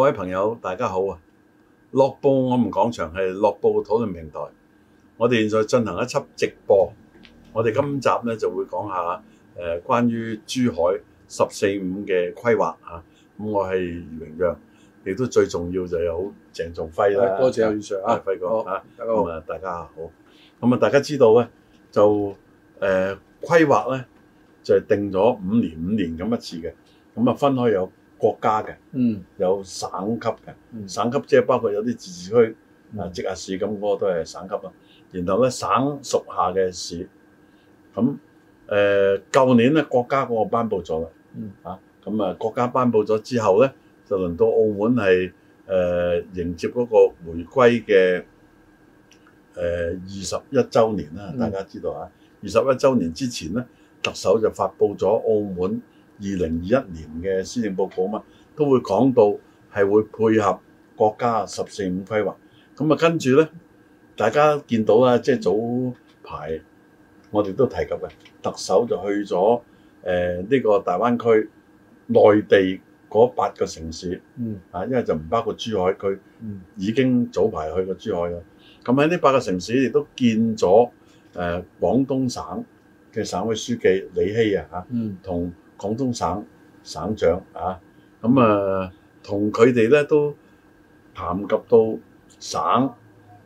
各位朋友，大家好啊！樂報、ok、我唔講場，係樂報嘅討論平台。我哋現在進行一輯直播。我哋今集咧就會講下誒、呃，關於珠海十四五嘅規劃啊。咁我係余榮耀，亦都最重要就有鄭仲輝啦。啊、了多謝阿、啊、余 Sir 啊，啊輝哥好啊、嗯，大家好。咁、嗯、啊，大家知道咧，就誒、呃，規劃咧就係定咗五年五年咁一次嘅。咁、嗯、啊、嗯嗯，分開有。國家嘅，嗯、有省級嘅，嗯、省級即係包括有啲自治區啊、直轄、嗯、市咁，嗰、那個、都係省級啦。然後咧，省屬下嘅市，咁誒舊年咧國家嗰個頒佈咗啦，嚇咁、嗯、啊國家頒布咗之後咧，就輪到澳門係誒、呃、迎接嗰個回歸嘅誒二十一週年啦。嗯、大家知道嚇、啊，二十一週年之前咧，特首就發布咗澳門二零二一年嘅施政報告嘛都會講到係會配合國家十四五規劃。咁啊，跟住呢，大家見到啦，即係早排我哋都提及嘅，特首就去咗呢、呃這個大灣區內地嗰八個城市，嗯、啊，因為就唔包括珠海區，嗯、已經早排去過珠海啦。咁喺呢八個城市亦都見咗誒廣東省嘅省委書記李希啊，吓、同、嗯。廣東省省長啊，咁啊同佢哋咧都談及到省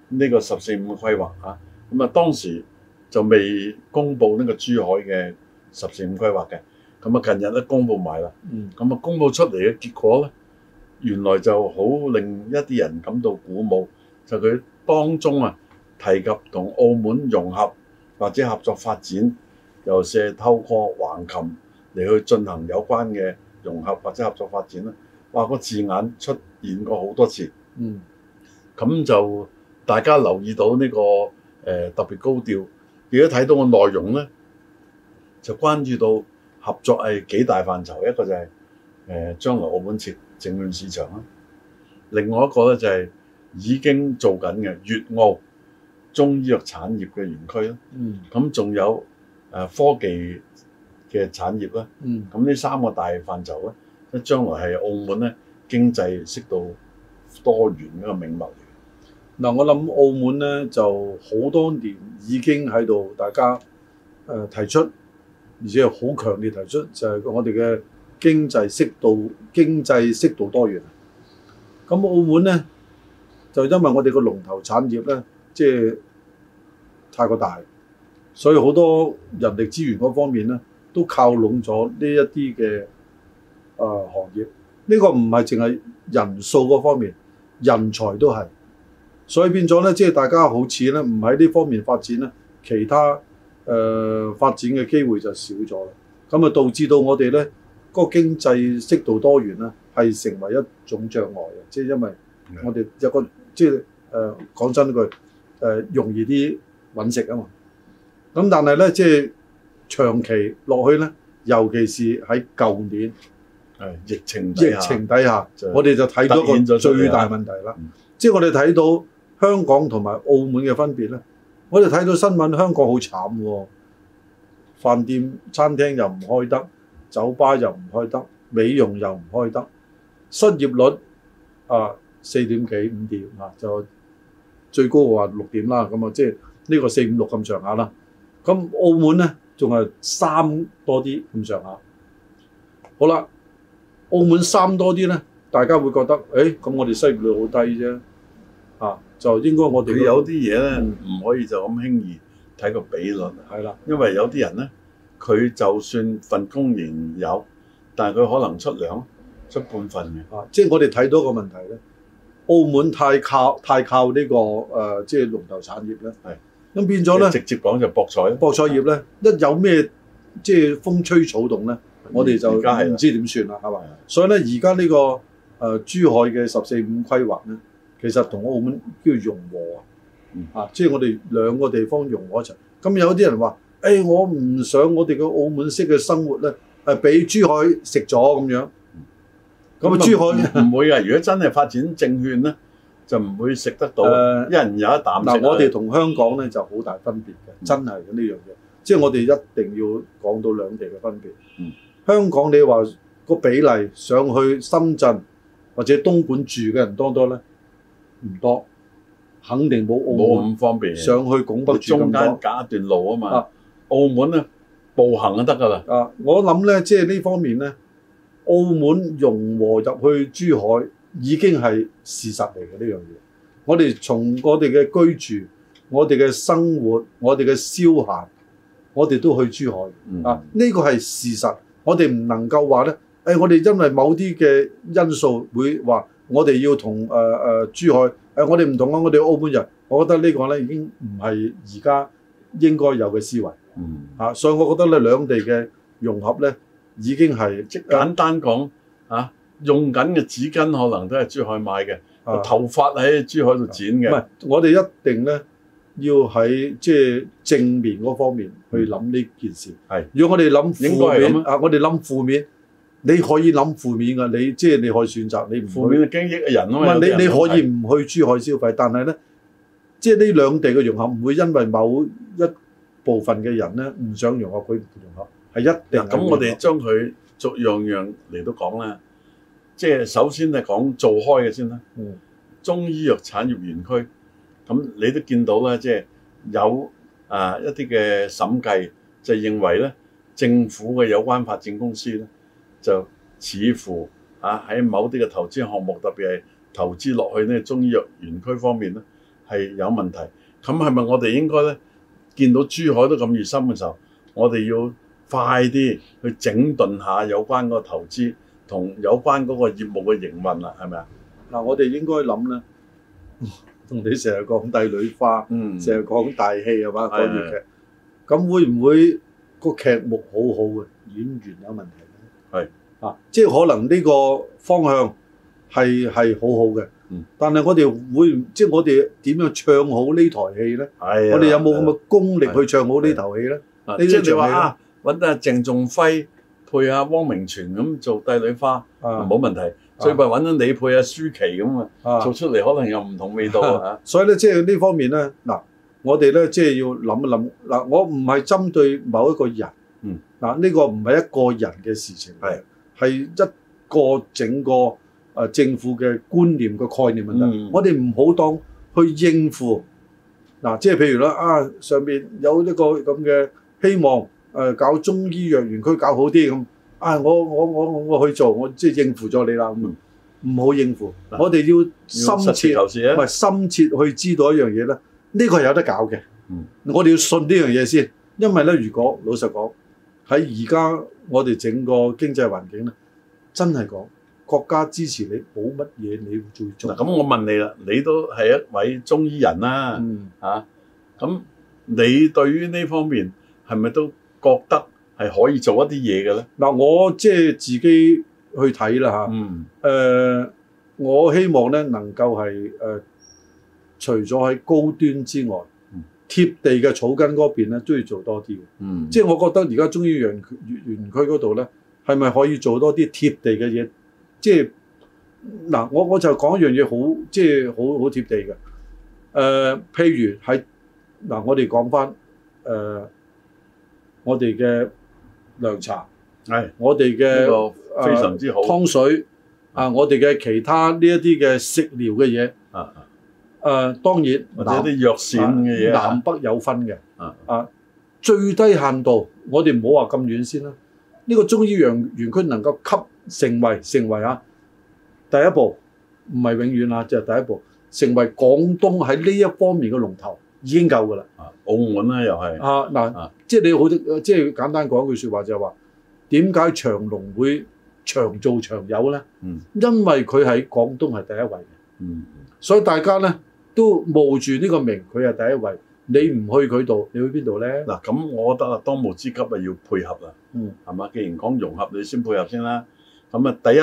呢個十四五規劃啊，咁啊當時就未公布呢個珠海嘅十四五規劃嘅，咁啊近日咧公布埋啦，咁啊、嗯嗯、公布出嚟嘅結果咧，原來就好令一啲人感到鼓舞，就佢當中啊提及同澳門融合或者合作發展，尤其係透過橫琴。嚟去進行有關嘅融合或者合作發展咧，哇！個字眼出現過好多次，嗯，咁就大家留意到呢、這個、呃、特別高調。亦都睇到個內容咧，就關注到合作係幾大範疇，一個就係、是、誒、呃、將來澳門設政體市場啦，另外一個咧就係已經做緊嘅粵澳中醫藥產業嘅園區啦，嗯，咁仲有、呃、科技。嘅產業咧，咁呢三個大範疇咧，即係將來係澳門咧經濟適度多元一個命脈嚟嘅。嗱、嗯，我諗澳門咧就好多年已經喺度大家誒、呃、提出，而且好強烈提出，就係、是、我哋嘅經濟適度、經濟適度多元。咁澳門咧就因為我哋個龍頭產業咧，即、就、係、是、太過大，所以好多人力資源嗰方面咧。都靠攏咗呢一啲嘅誒行業，呢個唔係淨係人數嗰方面，人才都係，所以變咗咧，即係大家好似咧唔喺呢方面發展咧，其他誒發展嘅機會就少咗啦。咁啊，導致到我哋咧嗰個經濟適度多元咧，係成為一種障礙嘅，即係因為我哋有個即係誒講真句誒容易啲揾食啊嘛。咁但係咧，即係。長期落去咧，尤其是喺舊年，誒疫情疫情底下，底下我哋就睇到一個最大問題啦。嗯、即係我哋睇到香港同埋澳門嘅分別咧，我哋睇到新聞，香港好慘喎、哦，飯店、餐廳又唔開得，酒吧又唔開得，美容又唔開得，失業率啊四點幾五點啊，就最高話六點啦。咁啊，即係呢個四五六咁上下啦。咁澳門咧？仲係三多啲咁上下，好啦，澳門三多啲咧，大家會覺得誒，咁、欸、我哋失業率好低啫，啊，就應該我哋有啲嘢咧，唔可以就咁輕易睇個比率。係啦、嗯，因為有啲人咧，佢就算份工然有，但係佢可能出糧出半份嘅。啊，即係我哋睇到個問題咧，澳門太靠太靠呢、這個、呃、即係龍頭產業咧。係。咁變咗咧，直接講就博彩。博彩業咧，一有咩即係風吹草動咧，的我哋就梗係唔知點算啦，係嘛？吧所以咧，而家呢個誒珠海嘅十四五規劃咧，其實同澳門叫做融合、嗯、啊，啊，即係我哋兩個地方融合一齊。咁有啲人話，誒、欸，我唔想我哋嘅澳門式嘅生活咧，誒，俾珠海食咗咁樣。咁啊、嗯，那就 珠海唔會啊。如果真係發展證券咧。就唔會食得到，一人有一啖食。嗱，我哋同香港咧就好大分別嘅，真係呢樣嘢。即係我哋一定要講到兩地嘅分別。香港你話個比例上去深圳或者東莞住嘅人多多咧？唔多，肯定冇澳門咁方便。上去拱北中間揀一段路啊嘛。澳門咧，步行就得㗎啦。啊，我諗咧，即係呢方面咧，澳門融和入去珠海。已經係事實嚟嘅呢樣嘢。我哋從我哋嘅居住、我哋嘅生活、我哋嘅消閒，我哋都去珠海、嗯、啊！呢、呢個係事實。我哋唔能夠話呢。誒、哎，我哋因為某啲嘅因素會話、呃呃，我哋要同誒誒珠海誒，我哋唔同啊！我哋澳門人，我覺得這個呢個呢已經唔係而家應該有嘅思維。嗯、啊，所以我覺得呢兩地嘅融合呢，已經係即簡單講啊。用緊嘅紙巾可能都係珠海買嘅，頭髮喺珠海度剪嘅。唔係，我哋一定咧要喺即係正面嗰方面去諗呢件事。係、嗯，如果我哋諗負面應該係咁樣啊，我哋諗負面，你可以諗負面噶，你即係、就是、你可以選擇你唔負面嘅經益嘅人啊嘛。唔係，你你可以唔去珠海消費，是的但係咧，即係呢兩地嘅融合唔會因為某一部分嘅人咧唔想融合佢融合，係一定咁。我哋將佢逐樣樣嚟到講啦。即係首先係講做開嘅先啦，中醫藥產業園區，咁你都見到咧，即係有啊一啲嘅審計就認為咧，政府嘅有關發展公司咧就似乎啊喺某啲嘅投資項目，特別係投資落去呢中醫藥園區方面咧係有問題。咁係咪我哋應該咧見到珠海都咁熱心嘅時候，我哋要快啲去整頓下有關嗰個投資？同有關嗰個業務嘅營運啦，係咪啊？嗱，我哋應該諗咧，同、嗯、你成日講帝女花，嗯，成日講大戲啊嘛，講粵劇，咁吧會唔會個劇目好好、啊、嘅，演員有問題咧、啊？係是啊，即係可能呢個方向係係好好嘅，嗯，但係我哋會即係我哋點樣唱好呢台戲咧？係、啊，我哋有冇咁嘅功力去唱好呢台戲咧？即係你話揾阿鄭仲輝。配啊，汪明荃咁做帝女花，冇、啊、問題。啊、所以咪揾咗你配啊，舒淇咁啊，做出嚟可能有唔同味道、啊啊、所以咧，即係呢方面咧，嗱，我哋咧即係要諗一諗。嗱，我唔係針對某一個人，嗱、嗯，呢、呢個唔係一個人嘅事情，係是一個整個、呃、政府嘅觀念嘅概念、嗯、我哋唔好當去應付嗱，即係、就是、譬如呢，啊，上面有一個咁嘅希望。誒、呃、搞中醫藥園區搞好啲咁，啊、哎、我我我我去做，我即係應付咗你啦，唔、嗯、好應付，嗯、我哋要深切唔、啊、深切去知道一樣嘢咧，呢、這個係有得搞嘅，嗯、我哋要信呢樣嘢先，因為咧，如果老實講喺而家我哋整個經濟環境咧，真係講國家支持你冇乜嘢，你最終。咁、嗯、我問你啦，你都係一位中醫人啦、啊，咁、啊、你對於呢方面係咪都？覺得係可以做一啲嘢嘅咧，嗱、嗯、我即係自己去睇啦吓，嗯，誒，我希望咧能夠係誒、呃，除咗喺高端之外，貼地嘅草根嗰邊咧都要做多啲。嗯，即係我覺得而家中醫園園區嗰度咧，係咪可以做多啲貼地嘅嘢？即係嗱、呃，我我就講一樣嘢好，即係好好貼地嘅。誒、呃，譬如喺嗱、呃，我哋講翻誒。呃我哋嘅涼茶係，我哋嘅非常之好湯水啊！我哋嘅其他呢一啲嘅食療嘅嘢啊啊，誒當然或者啲藥膳嘅嘢，南北有分嘅啊。最低限度我哋唔好話咁遠先啦。呢個中醫藥園區能夠吸成為成為啊第一步，唔係永遠啦，就第一步成為廣東喺呢一方面嘅龍頭已經夠噶啦。澳門咧又係啊嗱即係你好，即係簡單講一句説話就係話，點解長隆會長做長有咧、嗯嗯？嗯，因為佢喺廣東係第一位嘅，嗯，所以大家咧都冒住呢個名，佢係第一位，你唔去佢度，你去邊度咧？嗱，咁我覺得啊，當務之急啊，要配合啦，嗯，係嘛？既然講融合，你先配合先啦。咁啊，第一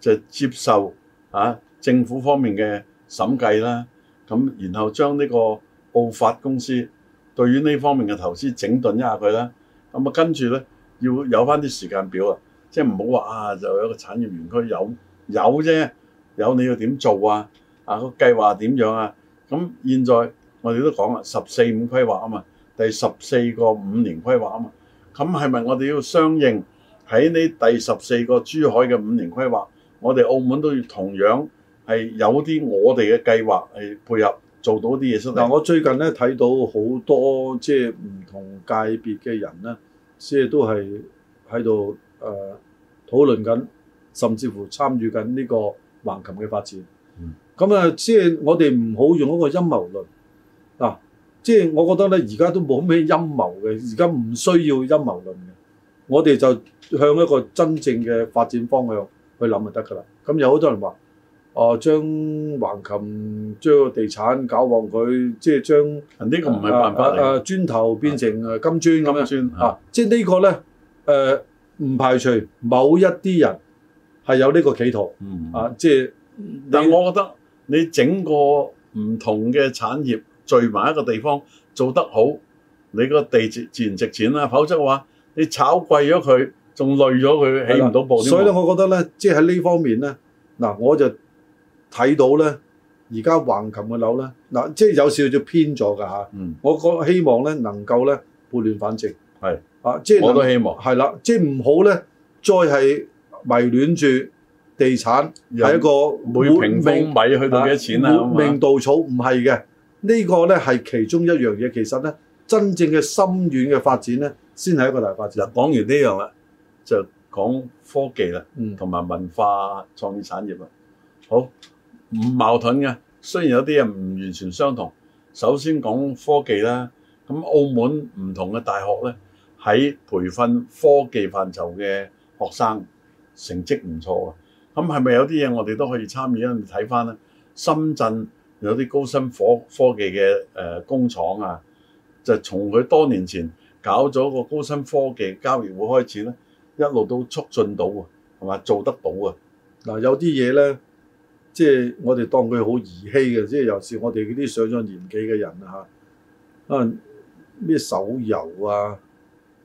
就係、接受啊政府方面嘅審計啦，咁、啊、然後將呢個澳發公司。對於呢方面嘅投資整頓一下佢啦，咁啊跟住呢，要有翻啲時間表啊，即係唔好話啊就有一個產業園區有有啫，有你要點做啊？啊個計劃點樣啊？咁現在我哋都講啦，十四五規劃啊嘛，第十四個五年規劃啊嘛，咁係咪我哋要相應喺呢第十四個珠海嘅五年規劃，我哋澳門都要同樣係有啲我哋嘅計劃係配合。做到啲嘢出嚟嗱，嗯、我最近咧睇到好多即係唔同界別嘅人咧，即係都係喺度誒討論緊，甚至乎參與緊呢個橫琴嘅發展。咁啊、嗯，即係我哋唔好用一個陰謀論啊，即係我覺得咧，而家都冇咩陰謀嘅，而家唔需要陰謀論嘅，我哋就向一個真正嘅發展方向去諗就得㗎啦。咁有好多人話。哦，將橫琴將個地產搞旺佢，即係將呢個唔係辦法嚟、啊啊、磚頭變成金磚咁樣啊！即係呢個咧誒，唔、啊、排除某一啲人係有呢個企圖、嗯、啊！即係，但我覺得你整個唔同嘅產業聚埋一個地方做得好，你個地值自然值錢啦、啊。否則嘅話，你炒貴咗佢，仲累咗佢起唔到步。所以咧，嗯、我覺得咧，即係喺呢方面咧，嗱我就，睇到咧，而家橫琴嘅樓咧，嗱、啊、即係有少少偏咗㗎吓。嗯、我個希望咧能夠咧撥亂反正，係是啊，即係我都希望係啦，即係唔好咧再係迷戀住地產係一個每平方米去到幾多錢啊，活命稻草唔係嘅，這個、呢個咧係其中一樣嘢。其實咧真正嘅深遠嘅發展咧，先係一個大發展。講完呢樣啦，就講科技啦，同埋、嗯、文化創意產業啦，好。唔矛盾嘅，雖然有啲嘢唔完全相同。首先講科技啦，咁澳門唔同嘅大學呢，喺培訓科技範疇嘅學生，成績唔錯啊。咁係咪有啲嘢我哋都可以參與啊？你睇翻咧，深圳有啲高新科科技嘅誒工廠啊，就從佢多年前搞咗個高新科技交易會開始呢，一路都促進到啊，係咪做得到啊。嗱，有啲嘢呢。即係我哋當佢好兒戲嘅，即係尤其係我哋嗰啲上咗年紀嘅人啊啊，咩手遊啊，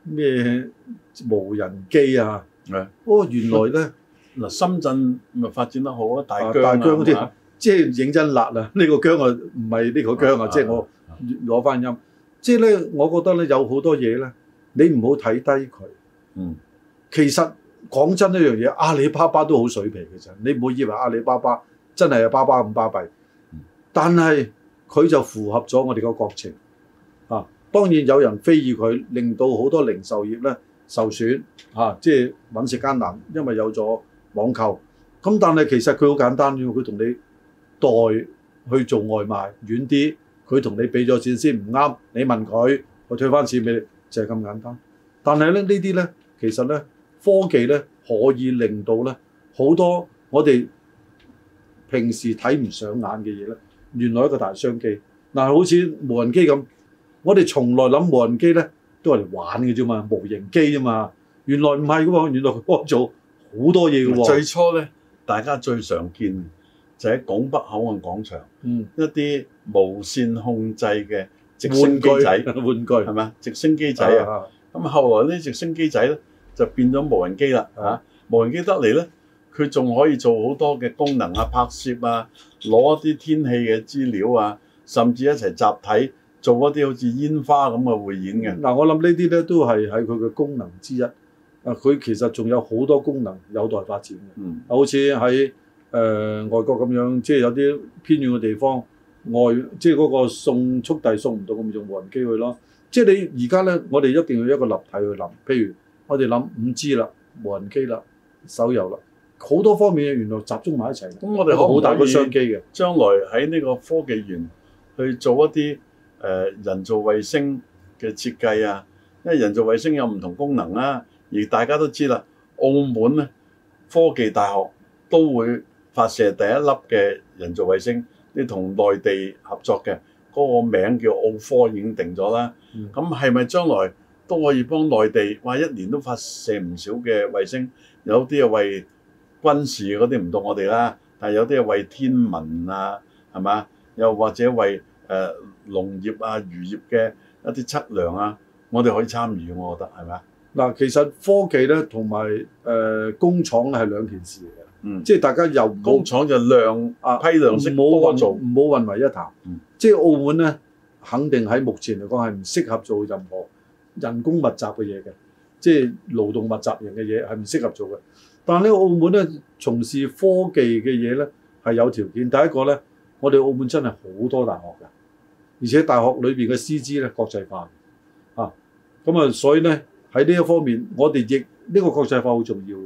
咩無人機啊，係的哦，原來咧嗱、啊、深圳咪發展得好大疆啊大疆嘛即係認真辣啦！呢、呢個姜啊唔係呢個姜啊，的即係我攞翻的音。即係咧，我覺得咧有好多嘢咧，你唔好睇低佢。嗯，其實講真一樣嘢，阿里巴巴都好水皮嘅啫。你唔好以為阿里巴巴。真係有巴巴咁巴閉，但係佢就符合咗我哋個國情啊！當然有人非議佢，令到好多零售業呢受損啊，即係揾食艱難，因為有咗網購。咁但係其實佢好簡單，佢同你代去做外賣，遠啲，佢同你俾咗錢先唔啱，你問佢，我退翻錢俾你，就係咁簡單。但係呢呢啲呢，其實呢科技呢可以令到呢好多我哋平時睇唔上眼嘅嘢咧，原來一個大商機。嗱，好似無人機咁，我哋從來諗無人機咧，都係嚟玩嘅啫嘛，模型機啫嘛。原來唔係嘅，原來佢幫做好多嘢嘅喎。最初咧，大家最常見就喺、是、拱北口岸廣場，嗯，一啲無線控制嘅直升機仔，玩具係嘛？直升機仔啊，咁、啊、後來呢，直升機仔咧就變咗無人機啦。嚇、啊啊，無人機得嚟咧。佢仲可以做好多嘅功能啊，拍攝啊，攞一啲天氣嘅資料啊，甚至一齊集體做一啲好似煙花咁嘅匯演嘅。嗱、嗯啊，我諗呢啲咧都係喺佢嘅功能之一。啊，佢其實仲有好多功能有待發展嘅。嗯，好似喺誒外國咁樣，即係有啲偏遠嘅地方，外即係嗰個送速遞送唔到咁，用無人機去咯。即係你而家咧，我哋一定要一個立體去諗。譬如我哋諗五 G 啦，無人機啦，手遊啦。好多方面嘅原來集中埋一齊，咁我哋好大個商機嘅。將來喺呢個科技園去做一啲誒人造衛星嘅設計啊，因為人造衛星有唔同功能啦。而大家都知啦，澳門咧科技大學都會發射第一粒嘅人造衛星，你同內地合作嘅嗰個名叫澳科已經定咗啦。咁係咪將來都可以幫內地，話一年都發射唔少嘅衛星，有啲係為軍事嗰啲唔到我哋啦，但係有啲係為天文啊，係嘛？又或者為誒、呃、農業啊、漁業嘅一啲測量啊，我哋可以參與，我覺得係咪？嗱，其實科技咧同埋誒工廠係兩件事嚟嘅，嗯，即係大家由工廠就量啊批量式多做，唔好混為一談。嗯，即係澳門咧，肯定喺目前嚟講係唔適合做任何人工密集嘅嘢嘅。即係勞動密集型嘅嘢係唔適合做嘅，但係呢個澳門咧從事科技嘅嘢咧係有條件。第一個咧，我哋澳門真係好多大學㗎，而且大學裏面嘅師資咧國際化啊咁啊，所以咧喺呢一方面，我哋亦呢個國際化好重要。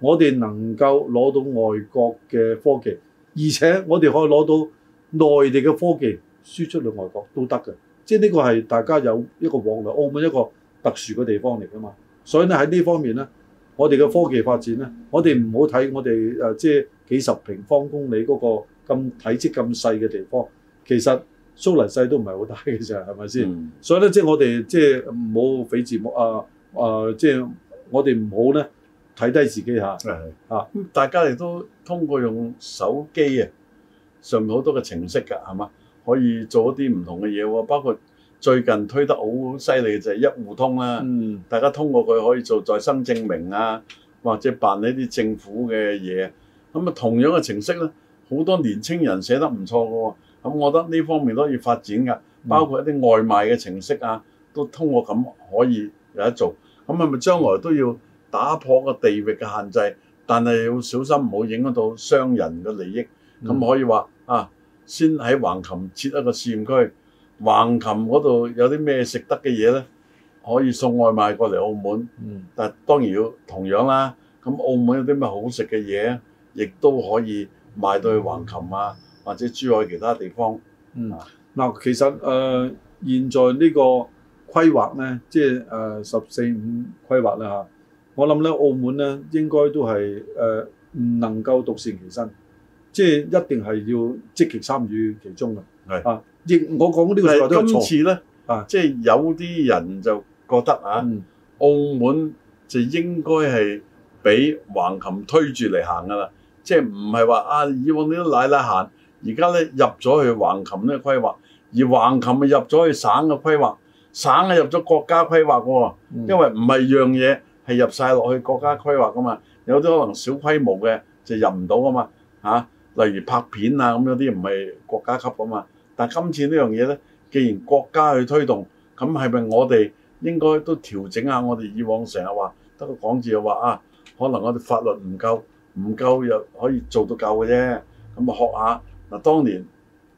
我哋能夠攞到外國嘅科技，而且我哋可以攞到內地嘅科技輸出去外國都得嘅。即係呢個係大家有一個往來，澳門一個特殊嘅地方嚟㗎嘛。所以咧喺呢方面咧，我哋嘅科技發展咧，我哋唔好睇我哋誒，即係幾十平方公里嗰個咁體積咁細嘅地方，其實蘇黎世都唔係好大嘅啫，係咪先？嗯、所以咧，即係我哋即係唔好俾自滿啊！啊，即係我哋唔好咧睇低自己嚇。係的啊，咁大家亦都通過用手機啊，上面好多嘅程式㗎，係嘛？可以做一啲唔同嘅嘢喎，包括。最近推得好犀利就係、是、一戶通啦，嗯、大家通過佢可以做再生證明啊，或者辦呢啲政府嘅嘢。咁啊同樣嘅程式呢，好多年青人寫得唔錯嘅喎。咁我覺得呢方面都可以發展噶，包括一啲外賣嘅程式啊，嗯、都通過咁可以有得做。咁係咪將來都要打破個地域嘅限制，但係要小心唔好影響到商人嘅利益。咁、嗯、可以話啊，先喺橫琴設一個試驗區。橫琴嗰度有啲咩食得嘅嘢咧，可以送外賣過嚟澳門。嗯，但係當然要同樣啦。咁澳門有啲咩好食嘅嘢，亦都可以賣到去橫琴啊，或者珠海其他地方。嗯，嗱，其實誒、呃、現在呢個規劃咧，即係誒、呃、十四五規劃啦吓。我諗咧，澳門咧應該都係誒唔能夠獨善其身，即係一定係要積極參與其中㗎。係啊。我講呢個、啊、就係今次咧，即係有啲人就覺得啊，嗯、澳門就應該係俾橫琴推住嚟行噶啦，即係唔係話啊以往你都奶奶行，而家呢入咗去橫琴呢咧規劃，而橫琴入咗去省嘅規劃，省係入咗國家規劃喎、哦，嗯、因為唔係樣嘢係入晒落去國家規劃嘅嘛，有啲可能小規模嘅就入唔到啊嘛嚇，例如拍片啊咁嗰啲唔係國家級嘅嘛。但今次呢樣嘢呢，既然國家去推動，咁係咪我哋應該都調整下我哋以往成日話得個講字又話啊，可能我哋法律唔夠，唔夠又可以做到夠嘅啫。咁啊學下嗱，當年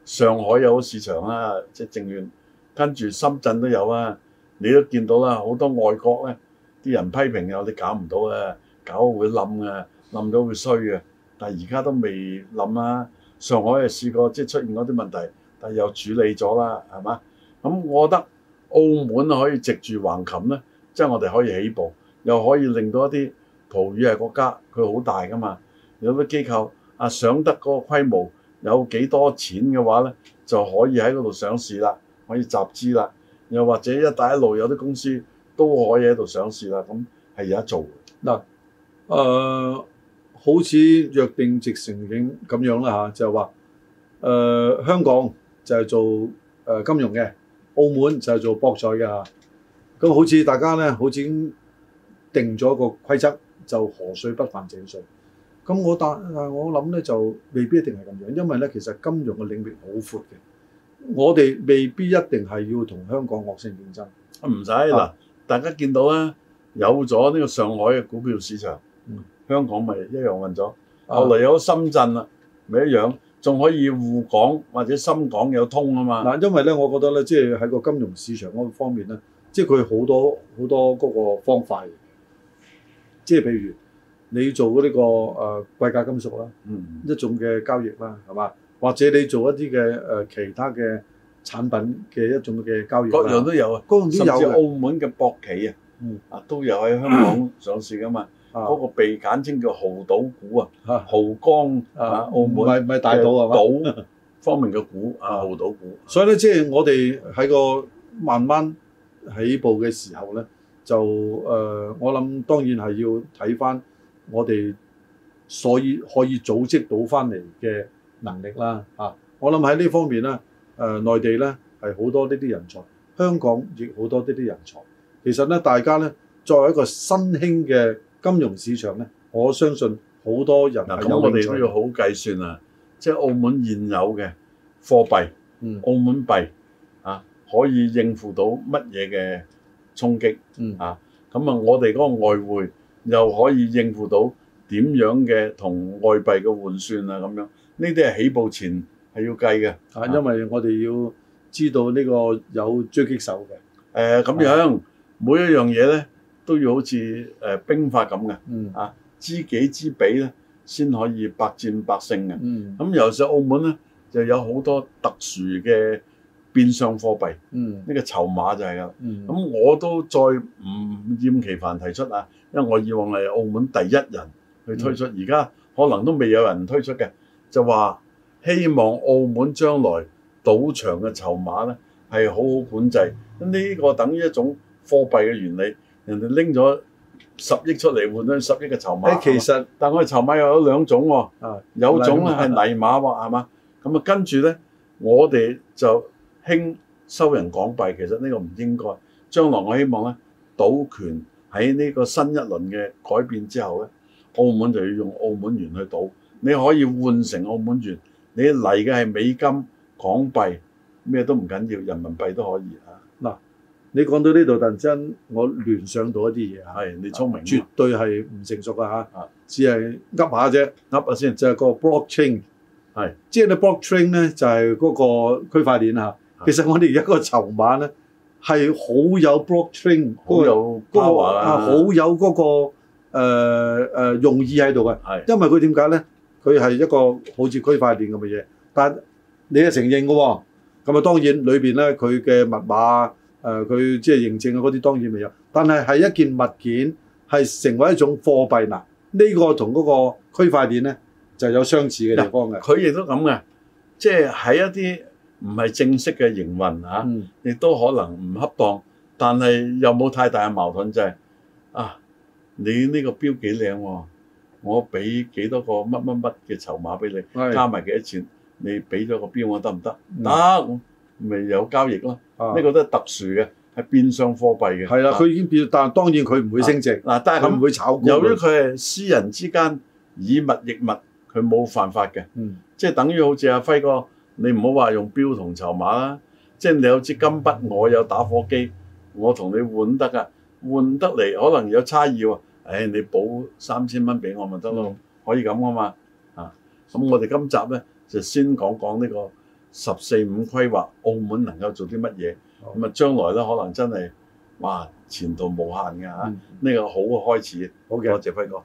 上海有個市場啦，即係證券跟住深圳都有啊。你都見到啦，好多外國呢啲人批評有啲搞唔到啊，搞會冧啊，冧到會衰嘅。但係而家都未冧啊，上海又試過即係、就是、出現嗰啲問題。但又處理咗啦，係嘛？咁我覺得澳門可以藉住橫琴呢，即係我哋可以起步，又可以令到一啲葡語系國家佢好大噶嘛。有啲機構啊想得嗰個規模有幾多錢嘅話呢，就可以喺嗰度上市啦，可以集資啦。又或者一帶一路有啲公司都可以喺度上市啦，咁係有得做嗱，呃，好似約定直成影咁樣啦，就係話，呃，香港，就係做誒金融嘅，澳門就係做博彩嘅。咁好似大家呢，好似已經定咗個規則，就河水不犯井水。咁我但係我諗呢，就未必一定係咁樣，因為呢，其實金融嘅領域好闊嘅。我哋未必一定係要同香港惡性競爭，唔使嗱。啊、大家見到呢，有咗呢個上海嘅股票市場，嗯、香港咪一樣運咗。啊、後嚟有深圳啦，咪一樣。仲可以滬港或者深港有通啊嘛嗱，因為咧，我覺得咧，即係喺個金融市場嗰個方面咧，即係佢好多好多嗰個方法嘅，即係譬如你做呢個誒貴價金屬啦，嗯嗯，一種嘅交易啦，係嘛？或者你做一啲嘅誒其他嘅產品嘅一種嘅交易，各樣都有啊，各樣有，甚至澳門嘅博企啊，啊、嗯、都有喺香港上市噶嘛。嗰個被簡稱叫濠賭股啊，濠江，啊，澳門唔係唔係大賭啊，啊？賭方面嘅股啊，濠賭股。所以咧，即係我哋喺個慢慢起步嘅時候咧，就誒、呃，我諗當然係要睇翻我哋所以可以組織到翻嚟嘅能力啦。啊，我諗喺呢方面咧，誒、呃，內地咧係好多呢啲人才，香港亦好多呢啲人才。其實咧，大家咧作為一個新興嘅，金融市場呢，我相信好多人咁，我哋都要好計算啊！即係澳門現有嘅貨幣，嗯、澳門幣啊，可以應付到乜嘢嘅衝擊、嗯、啊？咁啊，我哋嗰個外匯又可以應付到點樣嘅同外幣嘅換算啊？咁樣呢啲係起步前係要計嘅啊，啊因為我哋要知道呢個有狙擊手嘅。誒咁、啊、樣、嗯、每一樣嘢呢。都要好似誒兵法咁嘅啊，嗯、知己知彼咧，先可以百戰百勝嘅。咁、嗯、尤其是澳門咧，就有好多特殊嘅變相貨幣，呢、嗯、個籌碼就係啦。咁、嗯、我都再唔厭其煩提出啊，因為我以往係澳門第一人去推出，而家、嗯、可能都未有人推出嘅，就話希望澳門將來賭場嘅籌碼咧係好好管制。呢、呢個等於一種貨幣嘅原理。人哋拎咗十億出嚟換咗十億嘅籌碼，其實，但我哋籌碼又有兩種喎，啊、有種咧係泥馬喎，係嘛馬？咁啊吧跟住呢，我哋就興收人港幣，其實呢個唔應該。將來我希望呢，賭權喺呢個新一輪嘅改變之後呢，澳門就要用澳門元去賭，你可以換成澳門元，你嚟嘅係美金、港幣，咩都唔緊要，人民幣都可以。你講到呢度，突然之間我聯想到一啲嘢嚇，係你聰明，絕對係唔成熟嘅吓，的只係噏下啫，噏下先，就係、是、個 blockchain，係的，即係咧 blockchain 咧就係嗰個，個區塊鏈的其實我哋而家個籌碼咧係好有 blockchain，好有的，好、嗰個，好、嗰個、的有嗰、嗰個誒、呃呃、用意喺度嘅，係的，因為佢點解咧？佢係一個好似區塊鏈咁嘅嘢，但你又承認嘅喎，咁啊當然裏邊咧佢嘅密碼。誒佢即係認證啊，嗰啲當然未有，但係係一件物件，係成為一種貨幣嗱。呢、呢個同嗰個區塊鏈咧就有相似嘅地方嘅。佢亦都咁嘅，即係喺一啲唔係正式嘅營運啊，亦、嗯、都可能唔恰當，但係又冇太大嘅矛盾、就係，就係啊，你呢個標幾靚喎，我俾幾多個乜乜乜嘅籌碼俾你，是加埋幾多錢，你俾咗個標我得唔得？得。嗯咪有交易咯，呢、啊、個都係特殊嘅，係變相貨幣嘅。係啦的，佢但已經變，但當然佢唔會升值。嗱的，但係佢唔會炒股。由於佢係私人之間以物易物，佢冇犯法嘅。嗯，即係等於好似阿輝哥，你唔好話用錶同籌碼啦，即係你有支金筆，我有打火機，我同你換得㗎，換得嚟可能有差異喎、哎。你補三千蚊俾我咪得咯，嗯、可以咁啊嘛。啊，咁、嗯、我哋今集咧就先講講呢個。十四五規劃，澳門能夠做啲乜嘢？咁啊，將來可能真係哇，前途無限㗎。呢、嗯、個好嘅開始。好嘅，謝輝哥。